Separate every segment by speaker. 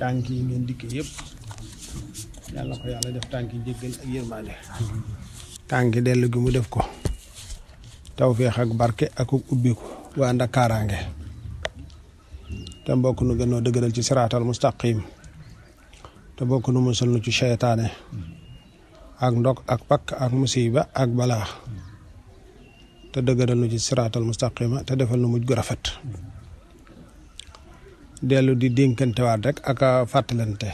Speaker 1: tànk yi ngeen dikk yépp yàlla ko yàlla def tànk yi jéggal ak yërmaande tànk dellu gi mu def ko tawféex ak barke ak ubbiku waa ànd ak te mbokk nu gënoo dëgëral ci siraatal mustaqim te bokk nu musal nu ci seytaane ak ndok ak pakk ak musiba ak balaa te dëgëral nu ci siraatal mustaqima te defal nu mujj gu rafet delu di wat rek ak fatelante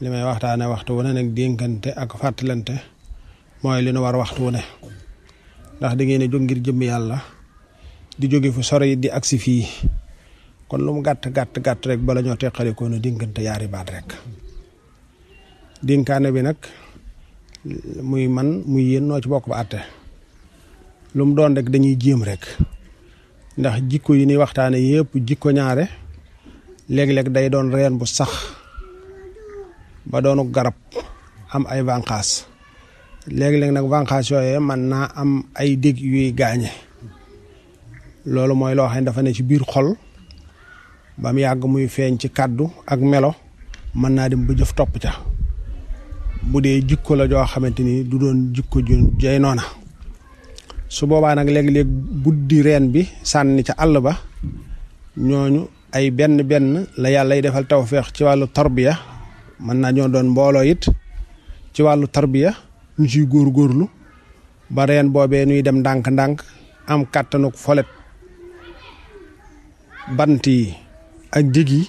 Speaker 1: limay waxtane waxtu wu ne nag ak fatelante moy li nu war waxtu wu ndax di ngeen jog ngir jëm yalla di jogi fu sore di aksi fi kon lu mu gatt gatt gatt rek bala ñoo ko nu dénkante yaari baat rek dénkaane bi nak muy man muy yeen no ci bokk ba lu mu doon rek dañuy jëm rek ndax jikko yi ni waxtaane yëpp jikko ñaare léeg-léeg day doon reen bu sax ba doonu garab am ay bànqaas léeg-léeg nag bànqaas yooye mën naa am ay dégg yuy gaañe loolu mooy loo xam ne dafa ne ci biir xol ba mu yàgg muy feeñ ci kàddu ak melo mën naa dem ba topp ca mu dee jikko la joo xamante ni du doon jikko ju jey noona su boobaa nag léeg-léeg buddi reen bi sànni ca àll ba ñooñu ay benn benn la yàllay defal tawféex ci wàllu tarbiya mën naa ñoo doon mbooloo it ci wàllu tarbiya ñu ciy góorgóorlu ba reen boobee ñuy dem ndànk-ndànk am kàttanuk folet bant yi ak dig yi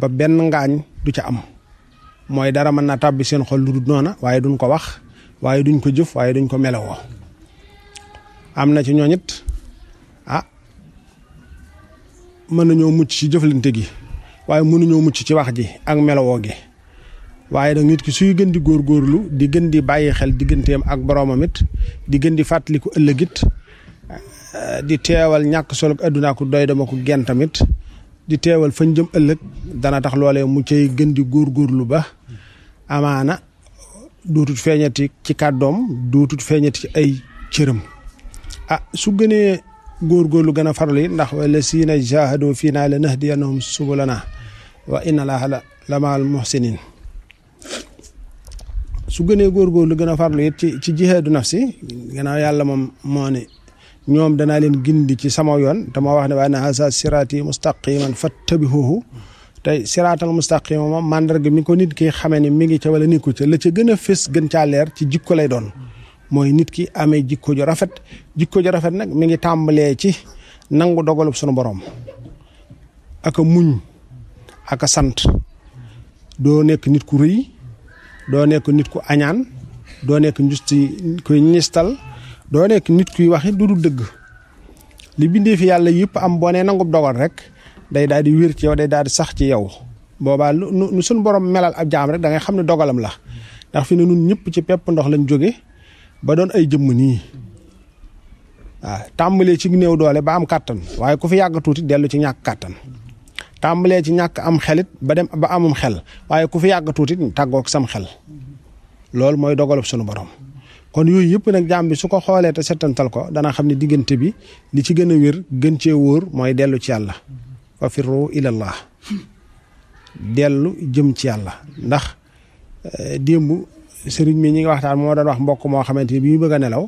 Speaker 1: ba benn ngaañ du ca am mooy dara mën na tàbbi seen xol lu dul noona waaye duñ ko wax waaye duñ ko jëf waaye duñ ko am na ci ñooñu it ah mën nañoo mucc ci jëflante gi waaye mënuñoo mucc ci wax ji ak melowoo gi waaye nag nit ki suy gën di góorgóorlu di gën di bàyyi xel digganteem ak boroomam di gën di fàttaliku ëllëgit eh, di teewal ñàkk solo addunaa ko doy dama ko gen tamit di teewal fañ jëm ëllëg dana tax loole mu cay gën di góorgóorlu ba amaana duutut feeñati ci kàddoom duutut feeñati ci ay cëram Ah, su gënee góorgóorlu gën a farlu yi ndax wala siina jahadu fii naa la nahdiyannahum subulana wa inna laaha la lamaal muhsinin su gënee góorgóorlu gën a farlu it ci ci jihaadu nafsi gannaaw yàlla moom moo ne ñoom danaa leen gindi ci sama yoon te moo wax ne waa na sa siraati mustaqiman fattabihuhu tey siraatal mustaqima moom mandarga mi ko nit ki xamee ni mi ngi ca wala nekku ca la ca gën a fës gën caa leer ci jikko lay doon mooy nit ki amee jikko ju rafet jikko ju rafet nag mi ngi tàmbalee ci nangu dogalub sunu boroom ak muñ aka a sant doo nekk nit ku rëy doo nekk nit ku añaan doo nekk njusti kuy ñistal doo nekk nit kuy waxe du du dëgg li bindee fi yàlla yëpp am boo nee nangub dogal rek day daal di wér ci yow day daal di sax ci yow boobaa lu nu sunu borom melal ab jaam rek dangay xam ne dogalam la ndax fi ne nun ñëpp ci pepp ndox lañ jóge ba doon ay jëmm nii waaw tàmbalee ci néew doole ba am kàttan waaye ku fi yàgg tuuti dellu ci ñàkk kàttan tàmbalee ci ñàkk am xelit ba dem ba amum xel waaye ku fi yàgg tuuti sam xel loolu mooy dogalub sunu borom kon yooyu yëpp nag jaam bi su ko xoolee te settantal ko dana xam ne diggante bi li ci gën a wér gën cee wóor mooy dellu ci yàlla fa firru ilallah dellu jëm ci yàlla ndax eh, démb sëriñ mi ñi ngi waxtaan moo doon wax mbokk moo xamante ne bii ñu bëgg a nelaw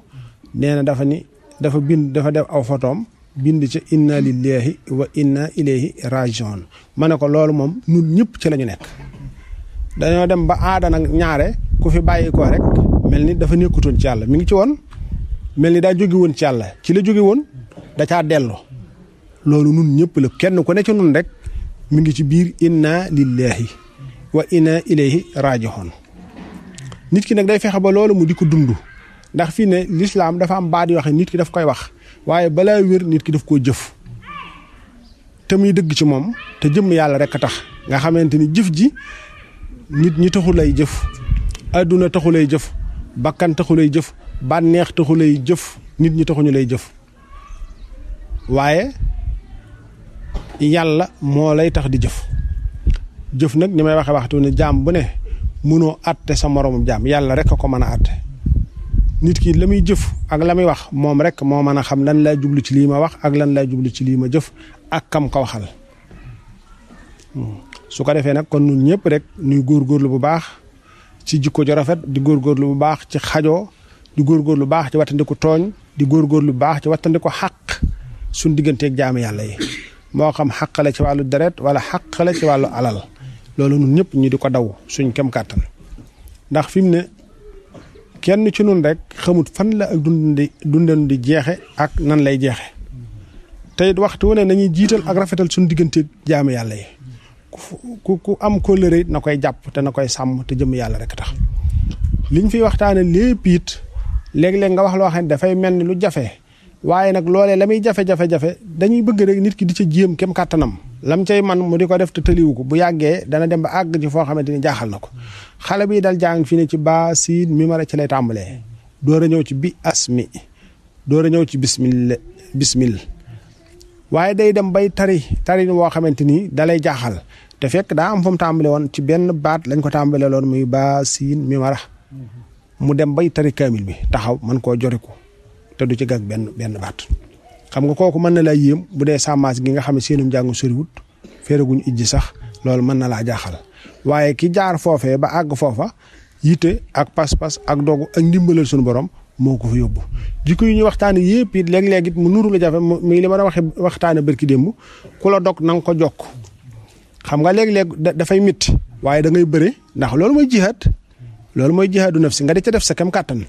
Speaker 1: nee na dafa ni dafa bind dafa def aw fotoom bind ca inna lillahi wa inna ilayhi rajiun ma ne ko loolu moom ñun ñëpp ci la ñu nekk dañoo dem ba aada ñaare ku fi bàyyi rek mel ni dafa nekkutoon ci yàlla mi ngi ci woon mel ni daa jóge woon ci yàlla ci la jóge woon da caa loolu nun ñëpp la kenn ku ne ci rek mi ngi ci biir inna lillahi wa inna ilayhi rajiun nit ki nag day fexe ba loolu mu di ko dund ndax fii ne lislaam dafa am baat yoo xam nit ki daf koy wax waaye balaa wér nit ki daf koo jëf te muy dëgg ci moom te jëmm yàlla rek a tax nga xamante ni jëf ji nit ñi taxulay jëf adduna taxulay jëf bakkan taxulay jëf bànneex taxulay jëf nit ñi taxuñu lay jëf waaye yàlla moo lay tax di jëf jëf nag ni may waxe waxtu ne jaam bu ne mënoo àtte sa moroomu jaam yàlla rek a ko mën a àtte nit ki la muy jëf ak la muy wax moom rek moo mën a xam lan lay jublu ci lii ma wax ak lan lay jublu ci lii ma jëf ak kam ko waxal hmm. su ko defee nag kon ñun ñëpp rek nuy góor góorlu bu baax ci jikko ju rafet di góorgóorlu bu baax ci xajoo di góorgóorlu bu baax ci wattandiku tooñ di góor góorgóorlu bu baax ci wattandiku xàq suñ digganteeg jaamu yàlla yi moo xam xàq la ci wàllu deret wala xàq la ci wàllu alal loolu ñun ñëpp ñu di ko daw suñ kem kàttan ndax fi mu ne kenn ci nun rek xamut fan la ak dundi dundeen di jeexe ak nan lay jeexe tey waxtu wu ne nañuy jiital ak rafetal suñ diggante jaamu yàlla yi ku ku am kóllëre na koy jàpp te na koy sàmm te jëm yàlla rek tax liñ fi waxtaane lépp it léeg-léeg nga wax loo xam ne dafay mel ni lu jafe waaye nag loole la muy jafe-jafe-jafe dañuy bëgg rek nit ki di ca jéem kem kàttanam lam cay man mu di ko def te tëliwu ko bu yàggee dana dem ba àgg ci foo xamante ni jaaxal na ko xale bi dal jàng fii ne ci baa siin mi mara ci lay tàmbalee door a ñëw ci bi asmi door ñëw ci bismil bismil waaye day dem bay tari tari woo xamante ni dalay jaaxal te fekk daa am fa mu tàmbale woon ci benn baat lañ ko tàmbale loon muy baa siin mi mara mu dem bay tari kaamil bi taxaw mën koo joriku te du ci gag ben ben bat xam nga koku man na la yim budé samas sàmmaas gi nga xam ne seenum jàng soriwut féeraguñ idji sax loolu man na la jaxal waaye ki jaar fofé ba ag fofa yite ak pas-pas ak dogu ak ndimbalal sun borom moko ko fa yóbbu jikko ñu ñuy yépp it léeg-léeg it mu nuru la jafé mi li ma waxé waxe barki dembu ku la dok nang ko jokk xam nga léeg da fay mit waaye da ngay bëre ndax loolu moy jihad loolu moy jihadu nafsi nga di ca def sa kam katan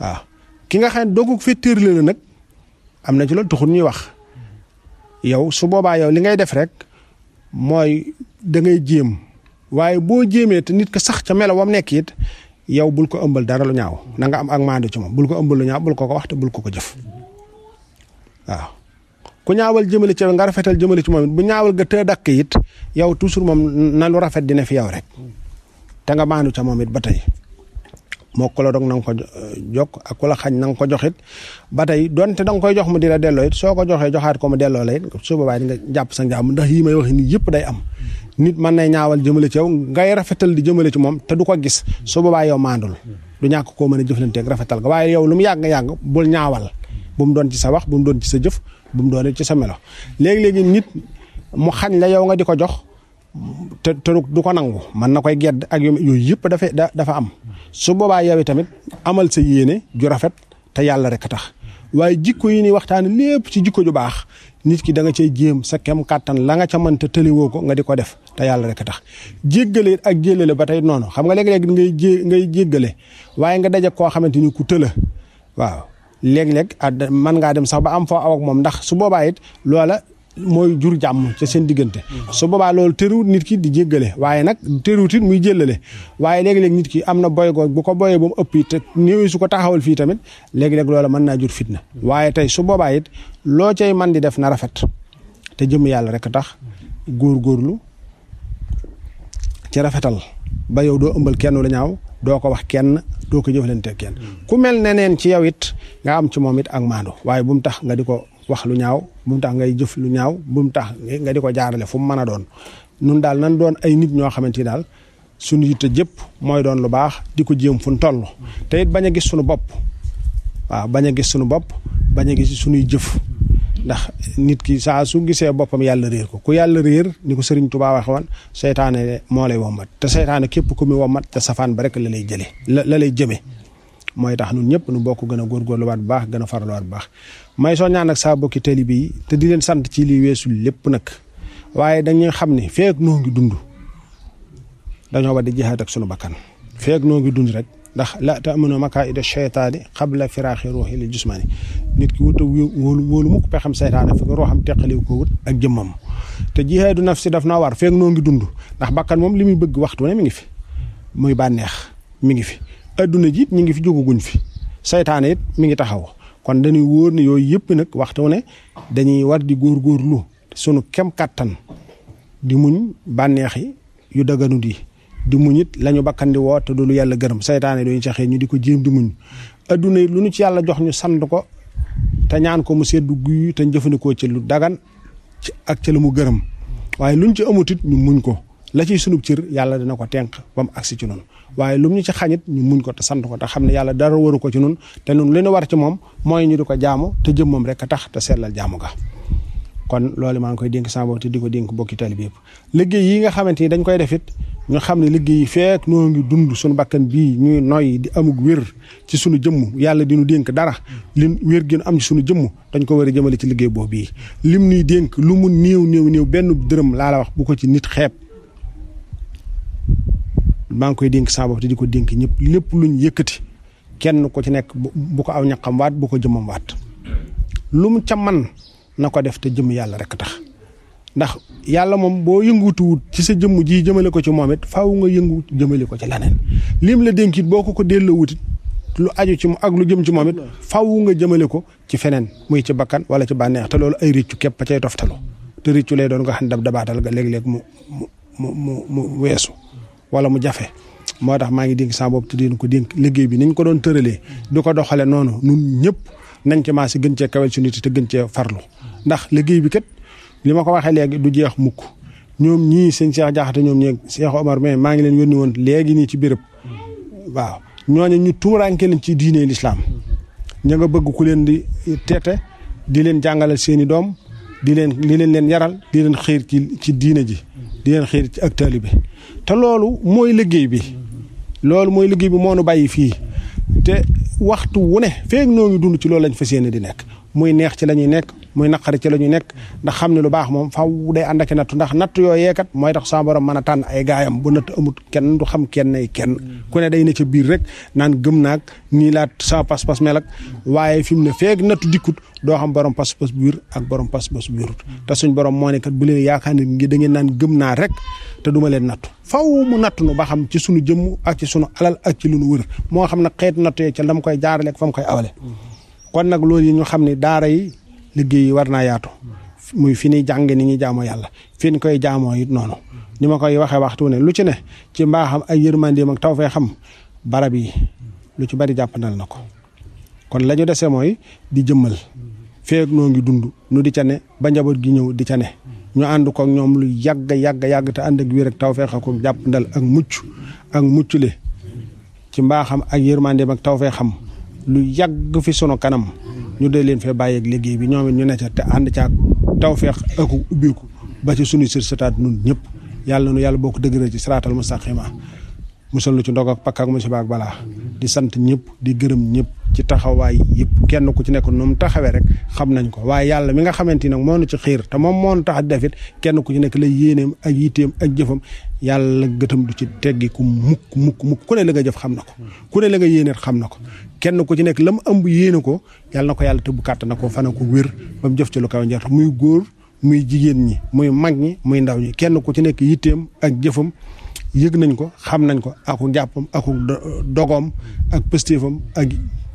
Speaker 1: waaw ki nga xam fitir dogu fettirle la nag am na ci lol taxul ñuy wax yow su boba yow li ngay def rek moy da ngay jëm waye bo jéemee te nit ka sax ca melo wam nekk it yow bul ko ëmbal dara lu ñaaw na nga am ak maandu ci mom bul ko ëmbal lu ñaaw bul ko ko wax te bul ko ko jëf waaw ku ñaawal jëmale ci nga rafetal jëmale ci mom bu ñaawal ga te dak it yow toujours mom na lu rafet dina fi yow rek te nga maandu ca it moo ko la dog na nga ko jokk ak ku xañ na ko joxit ba tey donte da nga koy jox mu di la delloo it soo ko joxee joxaat ko mu delloo la it su nga jàpp sa njàmm ndax yii may wax nii yëpp day am nit mën nay ñaawal jëmale ci yow ngay rafetal di jëmale ci moom te du ko gis su boobaa yow maandul ñàkk koo mën a jëflanteeg rafetal ga waaye yow lu mu yàgg-yàgg bul ñaawal bu mu doon ci sa wax bu doon ci sa jëf bu mu ci sa melo léegi-léegi nit mu xañ la yow nga di ko jox te te du ko nangu mën na koy gedd ak yooyu yëpp da dafa am su boobaa yow tamit amal sa yéene ju rafet te yàlla rek a tax waaye jikko yi ni waxtaane lépp ci jikko ju baax nit ki danga nga cee jéem sa kem kàttan la nga ca mënta tëliwoo ko nga di ko def te yàlla rek a tax jéggale ak jéllale ba tey noonu xam nga léeg-léeg ngay jé ngay jéggale waaye nga daje koo xamante ni ku tëla waaw léeg-léeg ah, man ngaa dem sax ba am foo aw ak moom ndax su boobaa loola mooy jur jàmm ca seen diggante su boobaa loolu tëruwut nit ki di jéggale waaye nag tëruwut muy jëllale waaye léegi-léeg nit ki am na boy goo bu ko boyee ba mu ëpp it te néew su ko taxawal fii tamit léegi-léeg loola mën naa jur fitna waaye tey su boobaa it loo cay man di def na rafet te jëmm yàlla rek tax góor góorlu ci rafetal ba yow doo ëmbal kenn lu ñaaw doo ko wax kenn doo ko jëflante kenn ku mel ne neen ci yow it nga am ci moom it ak maandu waaye bu tax nga di ko wax lu ñaaw bu juf tax ngay jëf lu ñaaw bu tax nga di jaarale fu mëna doon nun dal nan doon ay nit ño xamanteni dal suñu sunu yitte jëpp moy doon lu baax di jëm fu tollu te it baña gis sunu bop wa baña gis sunu juf. Nah, gis suñu jëf ndax nit ki sa su gisee boppam yàlla réer ko ku yàlla réer ni ko sëriñ Tuubaa wax woon seytaane moo lay womat te seytaane képp ku mu womat te safaan ba rek la lay jëlee la lay mooy tax nun ñëpp nu bokk gën a góorgóorluwaat bu baax gën a baax may so ñaan ak saa bokki taalibe yi te di leen sant ci li weesu lépp nag waaye dañuy xam ne feek noo ngi dund dañoo war di jihaat ak sunu bakkan feek noo ngi dund rek ndax la taamanu makaida cheytaani qabla firaqi ruhi li jismani nit ki wut a wóolu wóolu mukk pexam seytaane fekk roham tekkali ko wut ak jëmam te jihaadu nafsi daf na war feek no ngi dundu ndax bakkan mom limi bëgg waxtu ne mi ngi fi muy banex mi ngi fi aduna ji it ngi fi guñ fi seytaane mi ngi taxaw kon dañuy wóor ne yooyu yëpp nag waxtu ne dañuy war di góor góor lu sunu kem kattan di muñ bànneex yi yu daganut di di muñ it la ñu woo te du lu yàlla gërëm saytaane duñu saxee ñu di ko jéem di muñ adduna yi lu ñu ci yàlla jox ñu sant ko te ñaan ko mu seddu guy te jëfandikoo ci lu dagan ci ak ci la mu gërëm waaye luñ ci it ñu muñ ko la ciy sunub yàlla dina ko tenq ba mu agsi ci noonu waaye ñu ci xañit muñ ko te sant ko te xam ne yàlla dara waru ko ci noonu te noonu li war ci moom mooy ñu di ko jaamu te jëm moom rek a tax te sellal jaamu ga kon loolu maa ngi koy dénk sama bopp di ko dénk bokki tali bi yëpp liggéey yi nga xamante ni dañ koy def ñu xam ne liggéey yi feek noo ngi dund suñu bakkan bii ñuy noy di amug wér ci suñu jëmm yàlla di dénk dara li wér gi am suñu jëmm dañ ko war a jëmale ci liggéey boobu bii lim nuy dénk lu mu néew néew néew benn dërëm laala wax bu ko ci nit xeeb maa ngi koy dénk sama te di ko dénk ñëpp lépp luñ yëkkati kenn ko ci nekk bu ko aw ñaqam waat bu ko jëmam waat lu mu ca man na ko def te jëm yàlla rek tax ndax yàlla moom boo wut ci sa jëmm ji jëmale ko ci moom it faaw nga yëngu jëmale ko ci leneen lim la dénk it ko ko wut lu aju ci mu ak lu jëm ci moom it faaw nga jëmale ko ci feneen muy ci bakkan wala ci bànneex te loolu ay rëccu képp cay toftaloo te rëccu lay doon nga xam dab dabaatal léeg mu mu mu mu weesu wala mu jafe moo tax maa ngi dénk sama te tuddeen ko dénk liggéey bi niñ ko doon tëralee du ko doxale noonu nun ñëpp nañ ci maasi gën cee kawel su nit te gën cee farlu ndax liggéey bi kat li ma ko waxee léegi du jeex mukk ñoom ñii sëñ Cheikh Diakhaté ñoom ñeeg Cheikh Omar mais maa ngi leen yónni woon léegi nii ci béréb waaw ñooñu ñu tuuraanke leen ci diine lislaam ña nga bëgg ku leen di teete di leen jàngalal seeni doom di leen li leen leen yaral di leen xiir ci ci diine ji di leen xiir ci ak taalibe te loolu mooy liggéey bi loolu mooy liggéey bi moo nu bàyyi fii te waxtu wu ne feeg noo ngi dund ci loolu lañ fas yéene di nekk muy neex ci la ñuy nekk muy naqari ci lañu nek ndax xamni lu bax mom faaw day ànd ak natt ndax yo ye kat moy tax sa borom mën tan ay gaayam bu nat amut kenn du xam kenn ay kenn ku ne day ne ci biir rek nan gëm nak ni la sa pas-pas melak, waye fim ne feek nat dikut do xam borom pas-pas bu ak borom pas-pas bu ta suñ borom mo ne kat bu leen yaakaar ngi da ngeen nan gëm na rek te duma leen nat faaw mu nat nu ba xam ci suñu jëm ak ci suñu alal ak ci luñu wër mo xam ne xet nat ye ci lam koy jaarale ak fam koy awale kon nak loolu yi ñu xam daara yi liggéey war naa yaatu muy fi ñuy jàng ni ñuy jaamoo yàlla fi ñu koy jaamoo it noonu ni ma koy waxee waxtu ne lu ci ne ci mbaaxam ak yërmandeem ak taw fee xam barab yi lu ci bari jàppandal na ko kon la ñu mooy di jëmmal feeg noo ngi dund nu di ca ne ba njaboot gi ñëw di ca ne ñu ànd koog ñoom lu yàgg yàgg yàgg te ànd ak wér ak taw fee xam ko jàppandal ak mucc ak muccule ci mbaaxam ak yërmandeem ak taw fee xam lu yàgg fi sunu kanam ñu dee leen fee bàyyeeg liggéey bi ñoom ñu ne ca te ànd caag tawfeex ak ubbiku ba ci sunu sër sëtaat nun ñëpp yàlla nu yàlla boo ko dëgëral ci saraatal ma mu musal lu ci ndog ak pakk ak musiba ak balaa di sant ñëpp di gërëm ñëpp. ci taxawaay yëpp kenn ku ci nekk nu mu taxawee rek xam nañ ko waaye yàlla mi nga xamante ni moo nu ci xiir te moom moo nu tax defit kenn ku ci nekk la yéeneem ak yitteem ak jëfam yàlla gëtam du ci teggi ku mukk mukk mukk ku ne la xam na ko ku la nga yéeneet xam na ko kenn ku ci nekk la mu ëmb yéene ko yàlla yàlla tëbb kàtt na ko fana wér ba jëf ci lu kaw njort muy góor muy jigéen ñi muy mag ñi muy ndaw ñi kenn ku ci nekk yitteem ak jëfam yëg nañ ko xam nañ ko aku jàppam aku dogom ak pëstéefam ak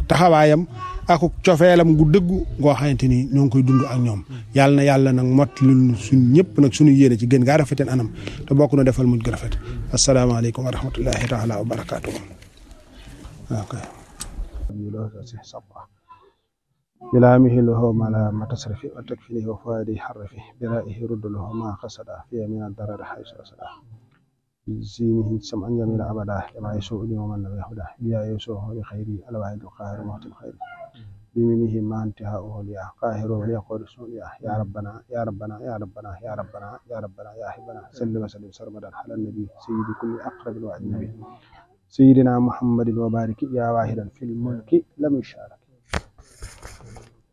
Speaker 1: taxawaayam ak cofeelam gu dëggu goo xamante ni ñoo ngi koy dund ak ñoom yàlla na yàlla nag mot lu suñ ñëpp nag suñu yéene ci gën gaa rafeteen anam te bokk na defal mujj gi rafet asalaamaaleykum wa rahmatullahi taala wa barakaatu ok بلامه له ما لا متصرف وتكفيه وفؤادي حرفه برائه رد له ما قصد فيه من الضرر حيث وصله بزينه سمعا جميلا أبدا كما يسوء لي ومن لم يهده بيا يسوء لخيري الواحد القاهر مهتم خير بميمه ما انتهاؤه ليا قاهر وليا قدس ليا يا ربنا يا ربنا يا ربنا يا ربنا يا ربنا يا حبنا سلم وسلم سرمدا على النبي سيد كل أقرب الوعد النبي سيدنا محمد وبارك يا واحدا في الملك لم يشارك